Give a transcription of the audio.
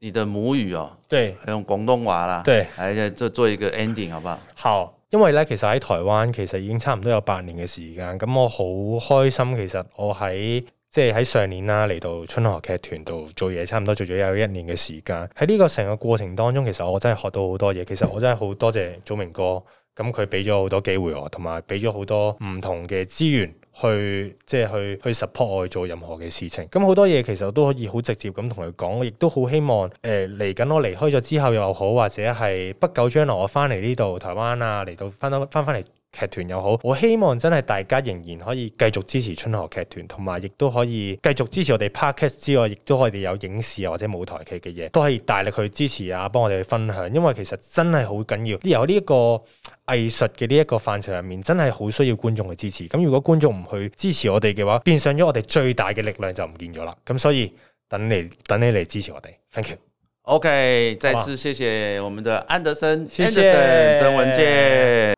你的母語哦，對，用廣東話啦，對，喺係做做一個 ending，好不好？好，因為呢，其實喺台灣，其實已經差唔多有八年嘅時間。咁我好開心，其實我喺即係喺上年啦，嚟到春河劇團度做嘢，差唔多做咗有一年嘅時間。喺呢個成個過程當中，其實我真係學到好多嘢。其實我真係好多謝祖明哥。咁佢俾咗好多機會我，同埋俾咗好多唔同嘅資源去，即係去去 support 我去做任何嘅事情。咁好多嘢其實我都可以好直接咁同佢講，亦都好希望誒嚟緊我離開咗之後又好，或者係不久將來我翻嚟呢度台灣啊，嚟到翻返翻翻嚟。劇團又好，我希望真係大家仍然可以繼續支持春河劇團，同埋亦都可以繼續支持我哋 Podcast 之外，亦都可以有影視或者舞台劇嘅嘢，都可以大力去支持啊，幫我哋去分享。因為其實真係好緊要，由呢一個藝術嘅呢一個範疇入面，真係好需要觀眾嘅支持。咁如果觀眾唔去支持我哋嘅話，變相咗我哋最大嘅力量就唔見咗啦。咁所以等你等你嚟支持我哋。Thank you。OK，再次謝謝我們的安德森，謝謝曾文健。